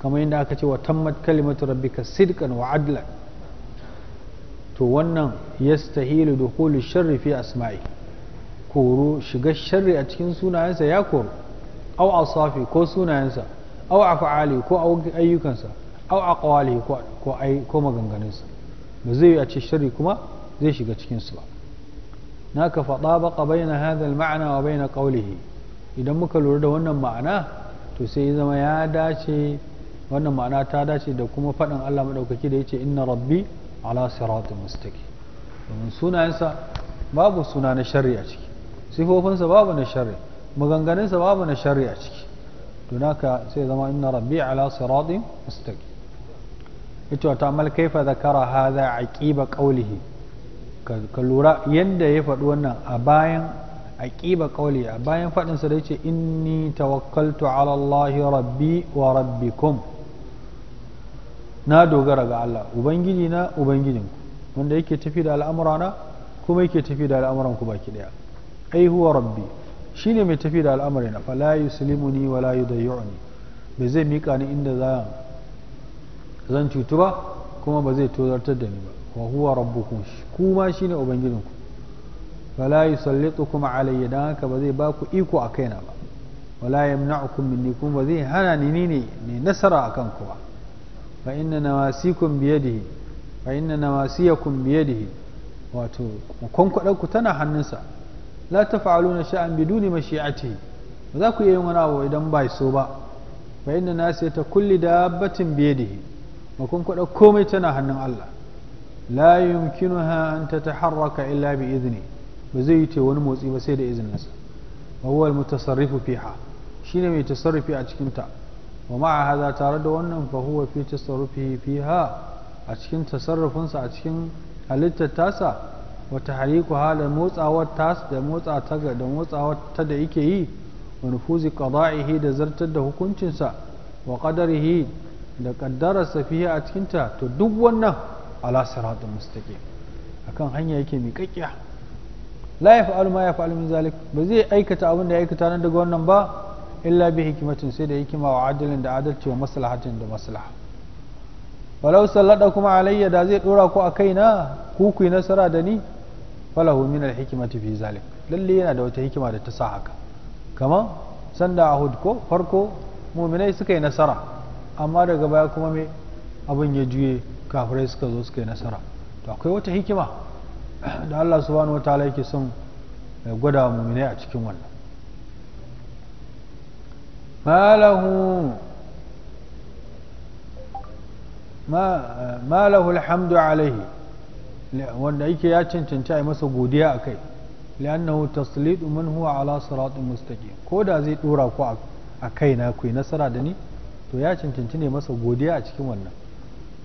kamar yadda aka ce wa tammat kalimatu rabbika sidkan wa adlan to wannan yastahilu dukhulu sharri fi asma'i koro shiga sharri a cikin sunayensa ya koro aw asafi ko sunayensa aw af'ali ko ayyukansa aw aqwali ko ko ai ko maganganunsa ba zai a ce sharri kuma zai shiga cikin su ba naka fadabaqa baina hadha al-ma'na wa baina qawlihi idan muka lura da wannan ma'ana to sai ya zama ya dace wannan ma'ana ta dace da kuma faɗin Allah madaukaki da yace inna rabbi ala siratin domin sunayensa babu suna na shari a ciki sifofinsa babu na shari maganganunsa babu na shari a ciki don haka sai zama inna rabbi ala siratin mustaqim ita ta amal kaifa zakara hadha aqiba qawlihi ka lura yadda ya faɗi wannan a bayan aqiba qawli a bayan faɗinsa da yace inni tawakkaltu ala allahi rabbi wa rabbikum na dogara ga Allah ubangiji na ubangijinku wanda yake tafi da al'amurana kuma yake tafi da al'amuranku baki daya ai huwa rabbi shine mai tafi da al'amarina fala yuslimuni wala yudayyuni bai zai mika ni inda za zan cutu ba kuma ba zai tozartar da ni ba wa huwa rabbukum kuma shine ubangijinku fala yusallitukum alayya dan haka ba zai ba ku iko a kaina ba wala yamna'ukum minni kuma ba zai hana ni ne ne nasara akan ku ba fa inna nawasikum biyadihi fa inna nawasiyakum biyadihi wato kwankwadar tana hannunsa la taf'aluna sha'an biduni mashi'atihi ba za ku yi wani abu idan ba so ba na inna ta kulli dabbatin biyadihi wa kwankwadar komai tana hannun Allah la yumkinuha an tataharraka illa bi idni ba zai yi wani motsi ba sai da izininsa wa huwa al-mutasarrifu fiha shine mai tasarrufi a cikin ta wa ma'a haza tare da wannan fa huwa fi tasarrufihi fiha a cikin tasarrufinsa a cikin halittar tasa wata hariku halin motsawar da motsa ta ga da motsawar ta da yake yi wa nufuzi da zartar da hukuncinsa wa qadarihi da qaddararsa fiha a cikin ta to duk wannan ala mustaƙi a kan hanya yake miƙaƙƙiya la yaf'alu ma yaf'alu min zalik ba zai aikata abin da ya aikata nan daga wannan ba illa bi hikimatin sai da hikima wa adalin da adalci wa maslahatin da maslaha walau sallada kuma alayya da zai dora ku a kaina ku ku nasara da ni falahu min alhikmati fi zalik lalle yana da wata hikima da ta sa haka kama sanda ahud ko farko mu'minai suka yi nasara amma daga baya kuma me abin ya juye kafirai suka zo suka yi nasara to akwai wata hikima da Allah subhanahu wataala yake son gwada mu'minai a cikin wannan ما له ما, ما له الحمد عليه wanda yake ya cancanta a masa godiya a kai li'annahu taslidu man huwa ala siratin mustaqim ko da zai dora ku a kai na ku nasara da ni to ya cancanci ne masa godiya a cikin wannan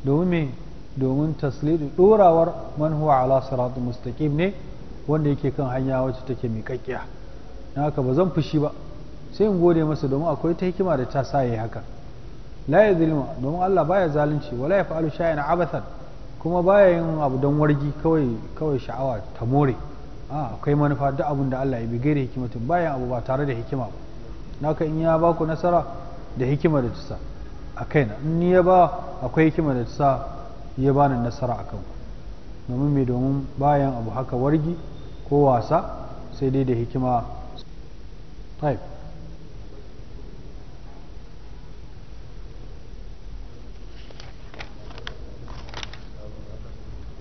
domin me domin taslidu dorawar man huwa ala siratin mustaqim ne wanda yake kan hanya wacce take miƙaƙƙiya na haka ba zan fushi ba sai in gode masa domin akwai ta hikima da ta sa yi haka la ya zilma domin Allah baya zalunci wala ya fa'alu shay'an abathan kuma baya yin abu don wargi kawai kawai sha'awa ta more a akwai manufa duk abin da Allah ya bi hikima tun bayan abu ba tare da hikima ba naka in ya ba ku nasara da hikima da tusa a kaina in ni ya ba akwai hikima da tusa ya bani nasara a kanku domin mai domin bayan abu haka wargi ko wasa sai dai da hikima type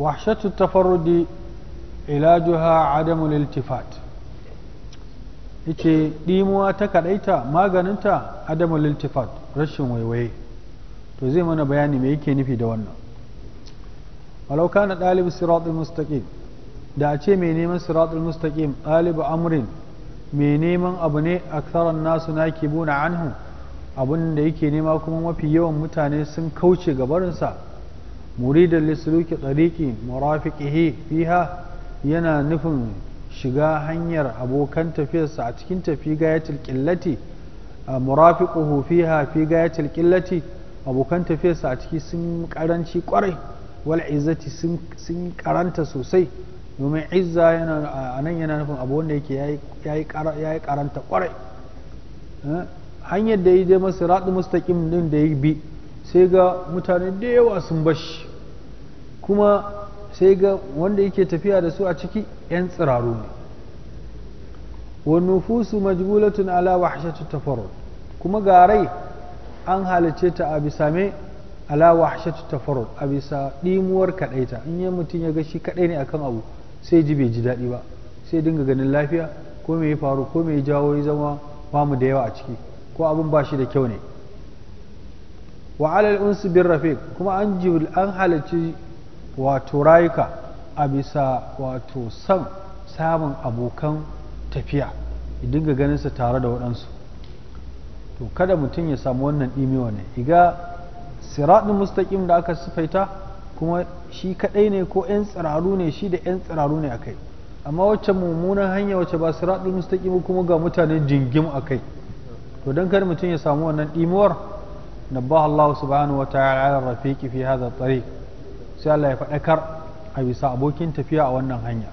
وحشة التفرد علاجها عدم الالتفات yace ɗimuwa ta kaɗaita maganinta adamul iltifat rashin waiwaye to zai mana bayani me yake nufi da wannan walau kana ɗalib siratul mustaqim da a ce mai neman siratul mustaqim ɗalib amrin mai neman abu ne aksaran nasu na buna anhu abin da yake nema kuma mafi yawan mutane sun kauce gabarinsa muridan lisluki tsariki murafiqihi fiha yana nufin shiga hanyar abokan tafiyarsa a cikin tafi gayatil qillati fiha fi abokan tafiyarsa a ciki sun karanci kwarai wal izzati sun karanta sosai domin izza yana a nan yana nufin abu wanda yake karanta kwarai hanyar da ya je masu raɗu mustaƙim din da ya bi sai ga mutane da yawa sun shi kuma sai ga wanda yake tafiya da su a ciki 'yan tsiraru ne wa nufusu majbulatun ala ta faru kuma ga rai an halice ta a bisa me ala wahshati tafarrud a bisa dimuwar kadaita in ya mutum ya gashi shi kadai ne kan abu sai ji bai ji daɗi ba sai dinga ganin lafiya ko mai ya faru ko mai jawo ya zama bamu da yawa a ciki ko abin ba shi da kyau ne wa alal unsu bin rafiq kuma an ji an halarci wato rayuka a bisa wato san samun abokan tafiya idan ga ganinsa tare da waɗansu to kada mutum ya samu wannan imewa ne iga siraɗin mustaƙim da aka sifaita kuma shi kaɗai ne ko 'yan tsiraru ne shi da 'yan tsiraru ne a kai amma wacce mummunan hanya wacce ba siraɗin mustaƙim kuma ga mutane jingim a kai to don kada mutum ya samu wannan imewar نبه الله سبحانه وتعالى على الرفيق في هذا الطريق sai Allah ya faɗakar a bisa abokin tafiya a wannan hanya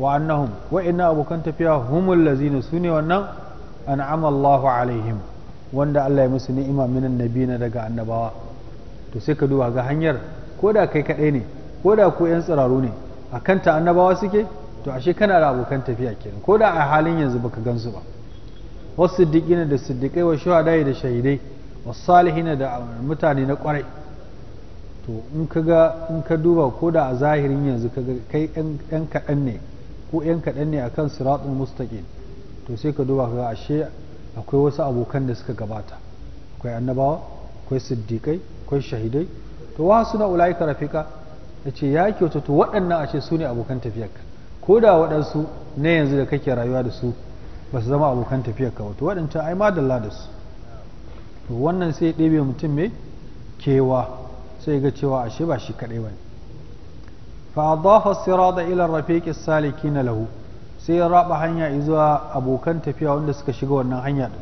wa annahum abokan tafiya humul lazina su ne wannan an'ama Allahu alaihim wanda Allah ya musu ni'ima minan nabina daga annabawa to sai ka duba ga hanyar ko da kai kaɗai ne ko da ku yan tsiraru ne a kanta annabawa suke to ashe kana da abokan tafiya kenan ko da a halin yanzu baka gansu ba wasu siddiqina da siddiqai wa shuhada da shahidai wasalihina da mutane na kwarai to in ka ga in ka duba ko da a zahirin yanzu ka kai yan kaɗan ne ko yan kaɗan ne akan siratun mustaqim to sai ka duba ka ga ashe akwai wasu abokan da suka gabata akwai annabawa akwai siddiƙai akwai shahidai to wa suna ulaika ya ce ya kyauta to waɗannan a ce su ne abokan tafiyarka ko da waɗansu na yanzu da kake rayuwa da su ba su zama abokan tafiyarka ba to waɗancan ai madalla da su to wannan sai ɗebe mutum mai kewa sai ga cewa ashe ba shi kaɗai ba ne ilar rafe ila saliki na lahu sai ya raba hanya zuwa abokan tafiya wanda suka shiga wannan hanya da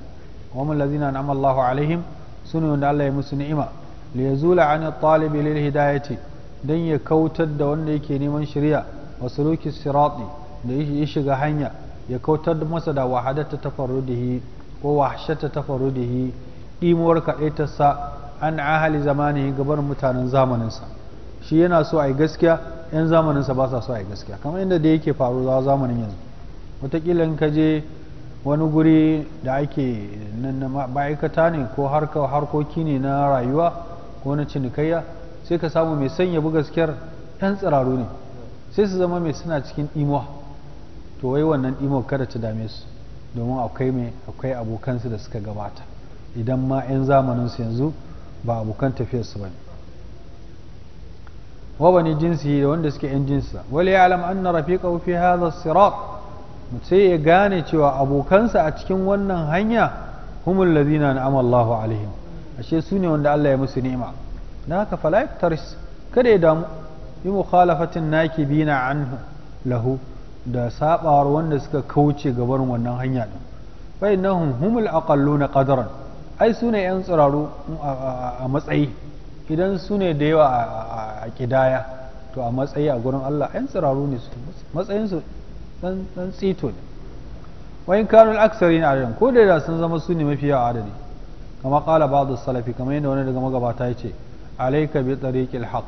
wa man lazina an'ama Allahu alaihim sunu wanda Allah ya musu ni'ima li yazula an talibi lil ce dan ya kautar da wanda yake neman shari'a wa suluki sirati da ya shiga hanya ya kautar masa da wahadata tafarrudihi ko wahshata tafarrudihi ɗimuwar kaɗaitarsa an ahali zamani gabar mutanen zamaninsa shi yana so a yi gaskiya 'yan zamaninsa ba sa so a yi gaskiya kamar inda da yake faruwa zamanin yanzu wataƙila ka je wani guri da ake nan ma'aikata ne ko harkoki ne na rayuwa ko na cinikayya sai ka samu mai sanya bu gaskiyar 'yan tsiraru ne sai su zama mai suna cikin imuwa to wai wannan imuwa kada ta dame su domin akwai mai akwai abokansu da suka gabata idan ma 'yan zamaninsu yanzu ba abokan tafiyarsu ba ne wa bani jinsi da wanda suke 'yan jinsa wale ya alam anna rafiqa fi hadha sirat sai ya gane cewa abokansa a cikin wannan hanya humul ladina na'ama Allahu alaihim ashe su ne wanda Allah ya musu ni'ima na haka fala yaktaris kada ya damu bi mukhalafatin nakibina anhu lahu da sabawar wanda suka kauce gaban wannan hanya din fa innahum humul aqalluna ƙadaran. ai su ne 'yan tsiraru a matsayi idan su ne da yawa a kidaya to a matsayi a gurin Allah 'yan tsiraru ne su matsayinsu dan tsito ne wayin kanun aksari na adadin ko da sun zama su ne mafi yawa adadi kama kala ba da salafi kamar yadda wani daga magabata ya ce alaika bi tsariƙil haq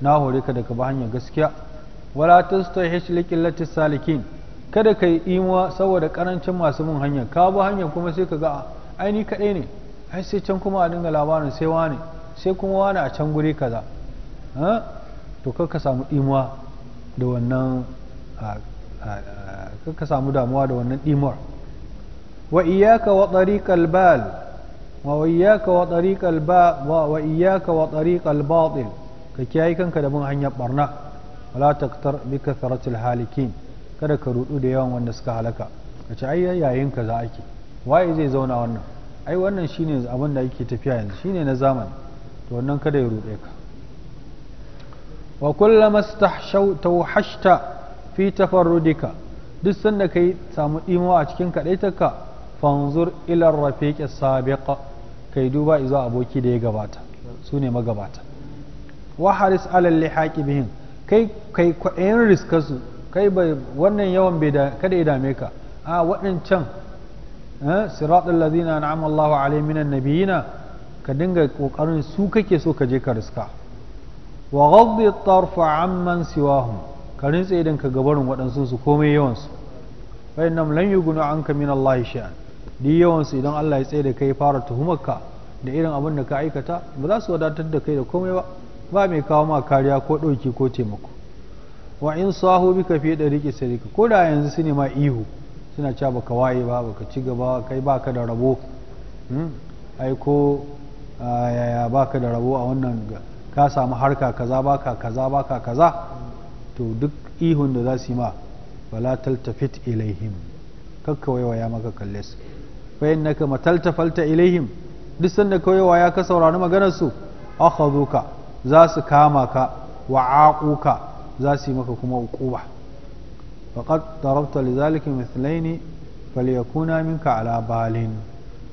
na hore ka daga ba hanyar gaskiya wala ta likin liqillati salikin kada ka yi imuwa saboda karancin masu mun hanyar ka bi hanyar kuma sai ka ga ai ni kaɗai ne ai sai can kuma a dinga labarin sai wane sai kuma wane a can guri kaza to kar ka samu ɗimuwa da wannan ka samu damuwa da wannan dimuwar. wa iyaka wa tariqal bal wa iyaka wa tariqal ba wa iyaka wa tariqal batil ka kiyaye kanka da bin hanyar barna wala taktar bi kathratil halikin kada ka rudu da yawan wanda suka halaka ka ce ai yayin kaza ake waye zai zauna wannan ai wannan shine abin da yake tafiya yanzu shine na zamani to wannan kada ya ruɗe ka wa kullama tawhashta fi tafarrudika duk sanda kai samu ɗimawa a cikin kaɗaitarka fanzur ila rafiqi sabiqa kai duba izo aboki da ya gabata sune magabata wa haris ala lihaqi bihin kai kai kwaɗayin riskasu kai wannan yawan bai kada ya dame ka a waɗancan Eh, siratul ladina an'ama Allahu alaihim minan nabiyina ka dinga kokarin su kake so ka je ka riska wa ghaddi tarfa amman siwahum ka rintse idan ka gabarin waɗansu su komai yawan su fa innam lan yughna anka min Allah shay'an duk yawan su idan Allah ya tsaye da kai fara tuhumarka da irin abin da ka aikata ba za su wadatar da kai da komai ba ba mai kawo ma kariya ko ɗauki ko taimako wa in sahu bika fi ɗariƙi sarika ko da yanzu su ne ma ihu suna cewa ka waye ba ka ci gaba kai baka da rabo hmm? ai ko yaya baka da rabo a wannan ka samu harka kaza baka kaza baka kaza to duk ihun da za su yi ma wala taltafit ilaihim kakka waya maka kalle su na innaka mataltafalta ilaihim duk sanda ka ya ka saurari maganar su akhaduka za su kama ka wa aquka za su yi maka kuma ukuba. faqad darabta lidhalika mithlaini falyakuna minka ala balin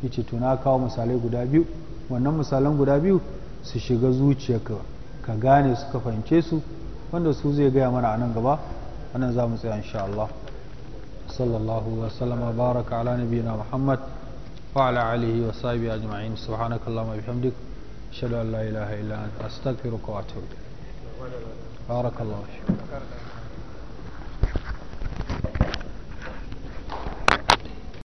yace to na kawo misalai guda biyu wannan misalan guda biyu su shiga zuciyarka ka gane su ka fahimce su wanda su zai gaya mana a nan gaba wannan za mu tsaya insha Allah sallallahu wa sallama baraka ala nabiyina Muhammad wa ala alihi wa sahbihi ajma'in subhanakallahumma bihamdik ashhadu an la ilaha illa anta astaghfiruka wa atubu ilaik barakallahu